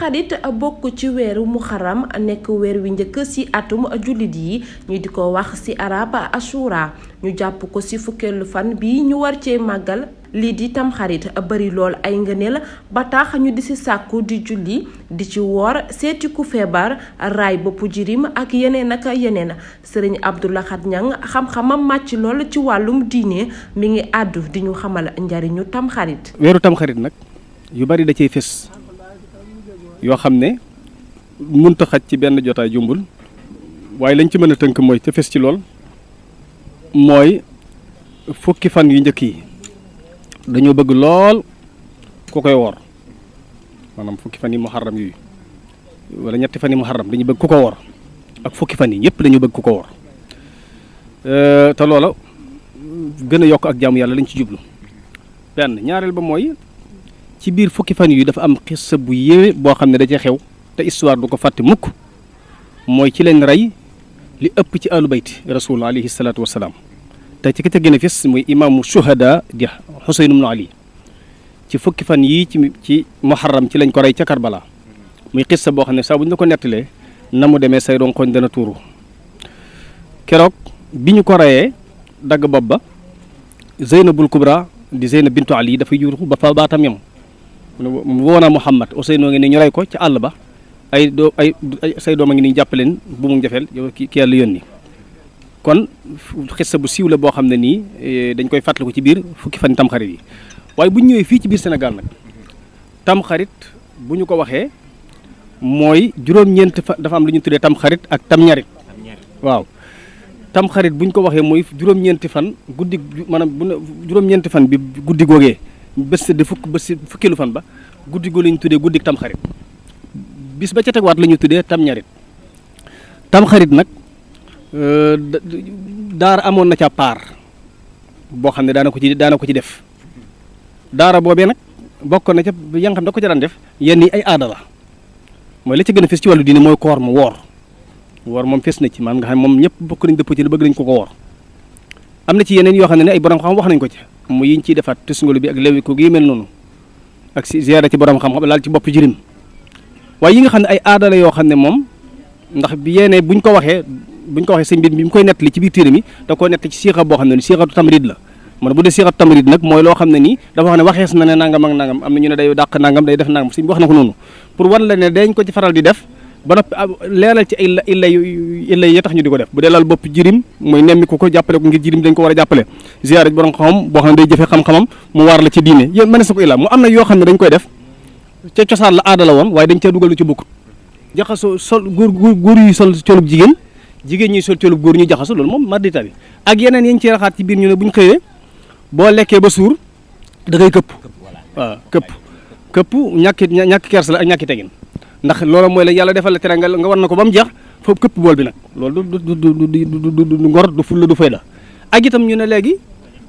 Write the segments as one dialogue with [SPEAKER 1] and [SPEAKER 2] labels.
[SPEAKER 1] tamxarit bokk ci weeru muharram nekk weer wi njëkk ci atum jullit yi ñu di ko wax ci arab ashura ñu jàpp ko ci fukkeelu fan bi ñu war cee màggal lii di tamxarit bari lool ay ngëneel ba tax ñu di ci sàkku di julli di ci woor seeti ku feebar raay bopp jirim ak yeneen ak yeneen sëriñ Abdou Lahad Niang xam-xamam màcc lool ci wàllum diine mi ngi àddu di ñu xamal njariñu tamxarit
[SPEAKER 2] weeru tamxarit nag yu bari da cay yoo xam ne mënut xaj ci benn jotaay jumbul waaye lañ ci mën a tënk mooy te ci lool mooy fukki fan yu njëkk yi dañoo bëgg lool ku koy wor maanaam fukki fan yi muharram yooyu wala ñetti fan yi muharram dañu bëgg ku ko wor ak fukki fan yi ñëpp dañu bëgg ku ko wor euh, te loola gën a yokk ak jaamu yàlla lañ ci jublu benn ñaareel ba mooy ci biir fukki fan yu dafa am xissa bu yéeme boo xam ne da ca xew te histoire du ko fàtte mukk mooy ci leen rey li ëpp ci alu bayt rasulullah alayhi salaatu wasalaam te ci ki ca gën a fis muy imaamu shuhada di Xuseyn ibnu Ali ci fukki fan yii ci ci muharram ci lañ ko rey ca Karbala muy xissa boo xam ne saa bu ñu la ko nettalee na mu demee say ronkoñ dana tuuru keroog bi ñu ko reyee dagg bopp ba bul Kubra di Zeynab bintu Ali dafay yuuru ba fa baatam yam mu woo naa Mouhamad Ousseynou ngi nii ñu rey ko ci àll ba ay doo ay say doom a ngi nii jàppaleen bu mu jafeel yow ki yàlla yónni kon xissa bu siiw la boo xam ne nii eh, dañ koy fàttaliku ci biir fukki fan tamxarit yi waaye bu ñu ñëwee fii ci biir senegal nag tamxarit bu ñu ko waxee mooy juróom-ñeent fa dafa am lu ñu tuddee tamxarit ak tamñarit waaw tamxarit bu ñu ko waxee mooy juróom-ñeenti fan bi guddi googee bés sedd fukk bés fukkeelu fan ba guddi gu la tuddee guddi tam xarit bis ba ca tegwaat la ñu tuddee tam ñarit tam nag euh, daara amoon na ca paar boo xam ne daana ko ci daana ko ci def daara boobee nag bokk na ca ya nga xam da ko jaraan daan def yenn yi ay aada la mooy la ci gën a fes ci wàllu diine mooy koor mu woor woor moom fes na ci maanaam nga xam moom ñëpp bokk nañ dëpp ci ne bëgg nañ ko ko woor am na ci yeneen yoo xam ne ay borom xam wax nañ ko ci yi yiñ ciy defaat tusngalu bi ak lewi ko gi mel noonu ak si ziyaara ci borom xam-xam laal ci bopp jirim waaye yi nga xam ne ay aada yoo xam ne moom ndax bi yéene buñ ko waxee buñ ko waxee sëñ bi bi mu koy nettali ci biir téere mi da koo nettali ci siixa boo xam ne ni siixatu tamrid la man bu dee siixatu tamrid nag mooy loo xam ne nii dafa wax ne waxees na ne nangam am na ñu ne day dàq nangam day def nangam sëñ bi wax na ko noonu pour wan la ne ko ci faral di def ba noppi ah, leeral ci ay illa illa yi tax ñu di ko def bu dee laal bopp jirim mooy nemmiku ko jàppale ko ngir jirim dañ ko war a jàppale ziyaare borom xam boo xam ne day jëfe xam-xamam mu la ci yéen mënees na ko illa mu am na yoo xam ne dañ koy def ca cosaan la aada woon waaye dañ cee dugalu ci bokkut jaxasoo sol góor góor yu sol colub jigéen jigéen ñi sol colub góor ñu jaxaso loolu moom mardita bi ak yeneen yi ñu ciy raxaat ci biir ñu ne bu ñu xëyee boo lekkee ba suur da ngay këpp waaw këpp këpp ñàkki ñàkki kers la ak ñàkki tegin ndax loola mooy la yàlla defal la teranga nga war na ko ba mu jeex foofu këpp bool bi nag loolu du du du du du ngor du fulla du fayda ak itam ñu ne léegi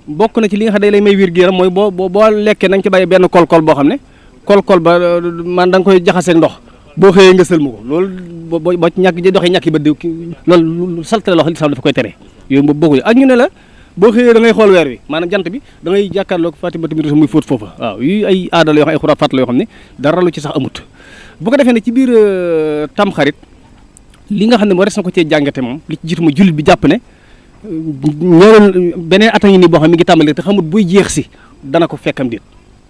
[SPEAKER 2] bokk na ci li nga xam day lay may wiir gi mooy boo boo boo lekkee na nga ci bàyyi benn kolkol boo xam ne kolkol ba man da nga koy jaxasee ndox boo xëyee nga sëlmu ko loolu boo boo ci ñàkk ji doxee ñàkk yi ba diw loolu saltale loo xam lislaam dafa koy tere yooyu boobu ak ñu ne la boo xëyee da ngay xool weer wi maanaam jant bi da ngay jàkkaarloo Fatima tamit muy fóot foofa waaw yi ay aada yoo xam ay xuraafaat la yoo xam ne dara lu ci sax amut bu ko defee ne ci biir euh, tamxarit li nga xam ne moo res na ko cee jàngate moom li ci jiitu ma jullit bi jàpp ne euh, ñëwal beneen at a ngi nii boo xam ne ngi tàmbali te xamut buy jeex si dana ko fekkam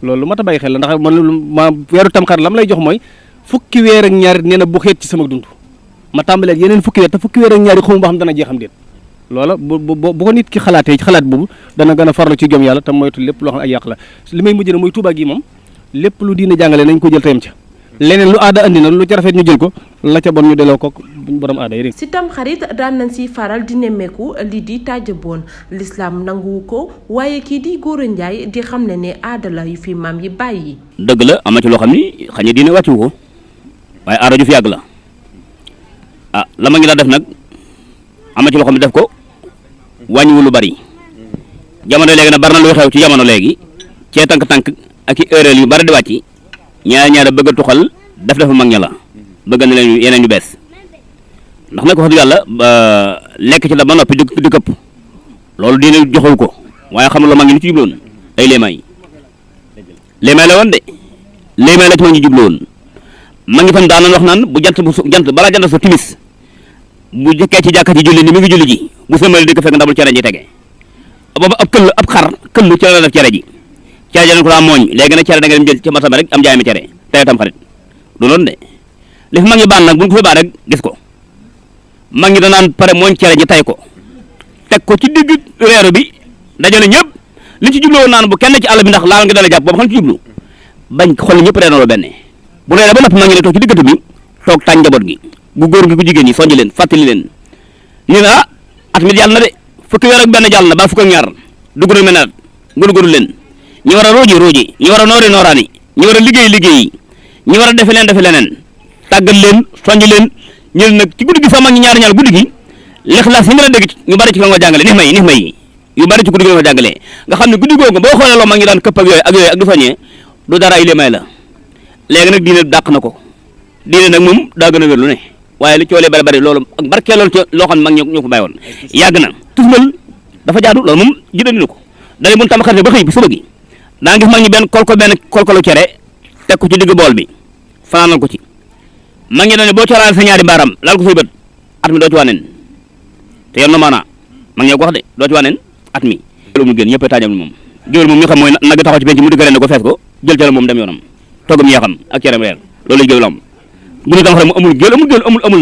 [SPEAKER 2] loolu lu mat a xel la ndax man ma weeru tamxarit lam lay jox mooy fukki weer ak ñaari nee na bu xeet ci sama dund ma tàmbalee yeneen fukki weer te fukki weer ak ñaari xamu boo xam dana jeexam déet loola bu bu ko nit ki xalaatee ci xalaat boobu dana gën a farlu ci jom yàlla tam te moytu lépp loo xam ay yàq la li may mujj na mooy lu diine jàngale nañ ko jël tayam ca leneen lu aada andi na lu ca rafet ñu jël ko la ca bon ñu delloo ko borom
[SPEAKER 3] aada yi
[SPEAKER 1] si tam xarit daan si faral di nemmeeku lii di tàjj boon lislaam nanguwu ko waaye kii di Gora Ndiaye di xam ne ne aada la yu fi maam yi bàyyi.
[SPEAKER 3] dëgg la am ci loo xam ni xañ na diine wàccu ko waaye aada ju fi yàgg la ah la ma ngi daa def nag am na ci loo xam ne def ko wàññiwu lu bari jamono léegi nag bari na luy xew ci jamono léegi cee tànk-tànk ak i erreur yu bari di wàcc. ñaar ñaar bëgg a tuxal def dafa mag ña la bëgg na leen yeneen ñu bees ndax nag wax dëgg yàlla lekk ci la ba noppi di këpp loolu dina joxul ko waaye xam la mag ñi lu ci jubloon ay léemaay léemaay la woon de léemaay la ci mag ñi jubloon mag ñi tam daanan wax naan bu jant bu jant balaa jant so timis bu jëkkee ci jàkka ci julli ni mu ngi julli ji bu sëmali di ko fekk ndabul cere ji tege boobu ab këll ab xar këll ci la def cere ji cere ja leen ko daa mooñ léegi nag cere da nga dem jël ci marché ba rek am jaay mi cere tey tam xarit du loolu de li fi mag ñi nag bu ñu ko fi baan rek gis ko mag ñi danaan pare mooñ cere ji tay ko teg ko ci digg reeru bi dajale ñëpp li ci jubloo naan bu kenn ci àll bi ndax laal nga dala jàpp boobu xam ci jublu bañ xool ñëpp reeraloo benn bu reere ba nopp mag ñi ne toog ci diggante bi toog tàñ njaboot gi gu góor gi gu jigéen ñi soññ leen fàttali leen ñu ne ah, at mi jàll na de fukki weer ak benn jàll na ba fukk ak ñaar dugg na menat ñi war a ruuji ruuji ñi war a noori nooraani ñi war liggéey liggéey ñi war a defe leen defe leneen tàggat leen soññ leen ñu nag ci guddi gi sama ñi ñaar ñaar guddi gi lixlaas yi nga la dégg ñu bari ci ko nga jàngale nix yi nix may yu bari ci guddi gi nga jàngale xam ne guddi googu boo xoolee loo mag ñi daan këpp ak yooyu ak yooyu ak du dara ay la léegi nag diine dàq na ko diine nag moom daa gën a lu ne waaye lu coolee bari bari loolu ak barkee loolu ci loo xam ne mag ñoo ko bàyyi woon yàgg na tusmal dafa jaadu loolu moom jidani na ko dale mun tamaxarte ba xëy bi daa gis mag benn kol ko benn kol ko lu cere teg ko ci digg bool bi fanaanal ko ci mag ñi boo coraan sa ñaari mbaaram laal ko say at mi doo ci te yem na maanaa mag ñi ko wax de doo ci wànneen at mi lu mu gën ñëpp taajam moom géwél moom taxaw ci penc mu di gërëm ne ko fees ko jël ca la moom dem yoonam toggam yeexam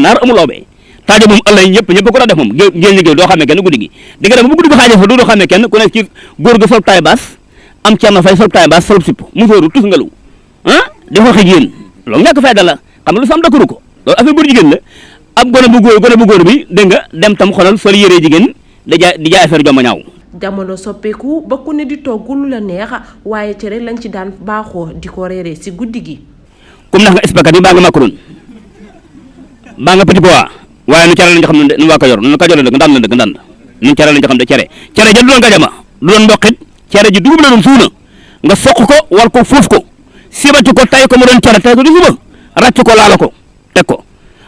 [SPEAKER 3] naar amul loobe taaja moom ëllëg ñëpp ñëpp ko def moom géwél géwél doo xamee kenn guddi gi di nga dem bu guddi gi xaajee fa doo xamee kenn ku nekk ci góor baas am Thierno Faye solub taay ba solub sipp musóoru tus ngelaw ah di xooxe jigéen loolu ñàkk fayda la xam nga lu sam dakuru ko loolu affaire bu jigéen la ab gone bu góor gone bu góor bi dégg nga dem tam xoolal sol yére jigéen di jaay di jaay affaire jomba ñaaw
[SPEAKER 1] jamono soppeeku ba ku ne di togg lu la neex waaye cere lañ ci daan baaxoo di ko reeree si guddi gi.
[SPEAKER 3] comme ndax nga spaghetti baa nga macaron baa nga petit pois waaye nu cere lañ xam ne nu waa Kajoor nu Kajoor la dëgg ndànd la dëgg ndànd nu cere lañ xam ne cere cere ja du doon gajama du doon cere ji dugub la doon suuna nga soq ko wal ko fuuf ko sibati ko tay ko mu doon cere tay ko duguba ràcc ko laala ko teg ko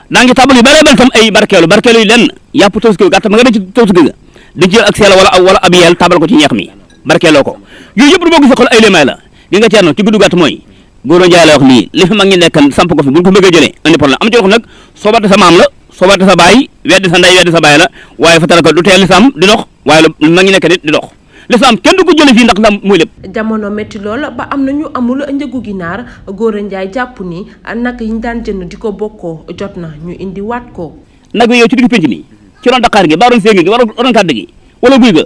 [SPEAKER 3] daa ngi tabal yu bëree bëri tam ay barkeelu barkeelu yi lenn yàpp tabaski gàtt ma nga denc tabaski ga dañ ci ak seel wala wala ab yeel tabal ko ci ñeex mi barkeeloo ko yooyu yëpp du boo gisee xool ay léemaay la gi nga ceerno ci gudd gàtt mooy góor njaay la wax lii li fi mag ñi samp ko fi buñ ko bëggee jëlee andi problème am ci ko nag soobate sa maam la soobate sa baay weddi sa ndey weddi sa baay la waaye fa tara ko teel lislaam di dox waaye lu mag ñi nekk nit di l'islam kenn du ko jële fii ndax islam mooy lépp
[SPEAKER 1] jamono métti lool ba am na ñu amul njëgu ginaar góor a njaay jàpp ni nag yi ñu daan jënd di ko bokkoo jot na ñu indi waat ko
[SPEAKER 3] nag yow ci digg pénc mi ci ron wala guy ga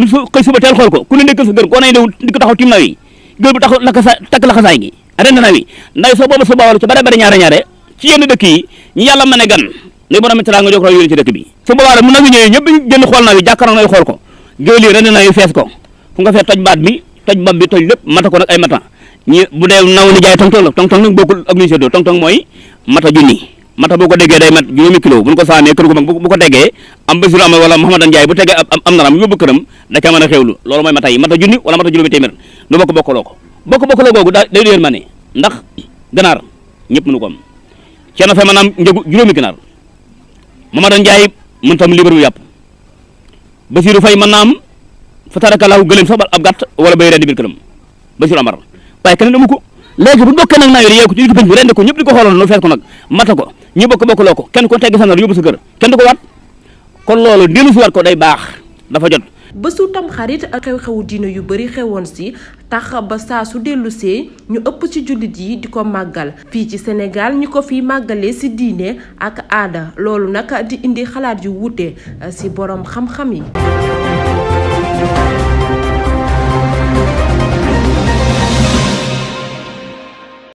[SPEAKER 3] lu su xëy suba teel xool ko ku ne nekk sa gër ko nay dew di ko taxaw tim naw yi gër bu taxaw lakasa takk laxasaay gi ren naw yi ndaw soo booba sa baawalu ca bare dëkk yi ñu yàlla mën a gan ngay borom teraanga jokk raw yónni ci dëkk bi su boobaa rek mu ñëwee ñëpp génn xool naw yi jàkkaaroo nay xool ko géwél yi rendi na yu fees ko fu nga fee toj baat bi toj bopp bi toj lépp mata ko nag ay mata ñi bu dee naw ni jaay tong tong la tong tong nag bokkul ak lu ñu seddoo tong tong mooy mata junni mata boo ko déggee day mat juróomi kilo bu ñu ko saamee kër gu mag bu ko déggee am basiru am wala Mouhamadou Ndiaye bu tegee am naram yóbbu këram da a xewlu loolu mooy mata yi mata junni wala mata juróomi téeméer du bokk bokkaloo ko bokk bokkaloo googu da day déer ma ne ndax ganaar ñëpp mënu ko am cee na fa maanaam njëgu juróomi ganaar Mouhamadou Ndiaye mën tam liber bu yàpp Basiru Fay mën naa am fa tarakalaahu gëleem sax ab gàtt wala bay rendi biir këram Basiru Amar waaye keneen amu ko léegi bu bokkee nag naawee yow ko ci ko pénc bi rendi ko ñëpp di ko xooloon loolu fees ko nag mata ko ñu bokk bokk loo ko kenn ko tegg sa nar yóbbu sa kër kenn du ko waat kon loolu dellu si waat ko day baax dafa jot
[SPEAKER 1] bésu tamxarit xew-xewu diine yu bari xewoon ci tax ba saa su dellusee ñu ëpp ci jullit yi di ko màggal fii ci Sénégal ñi ko fiy màggalee ci diine ak aada loolu nag di indi xalaat yu wuute ci boroom xam-xam yi